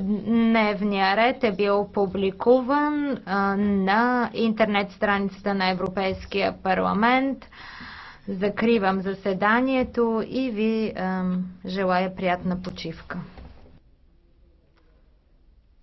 Дневния ред е бил публикуван на интернет страницата на Европейския парламент. Закривам заседанието и ви желая приятна почивка.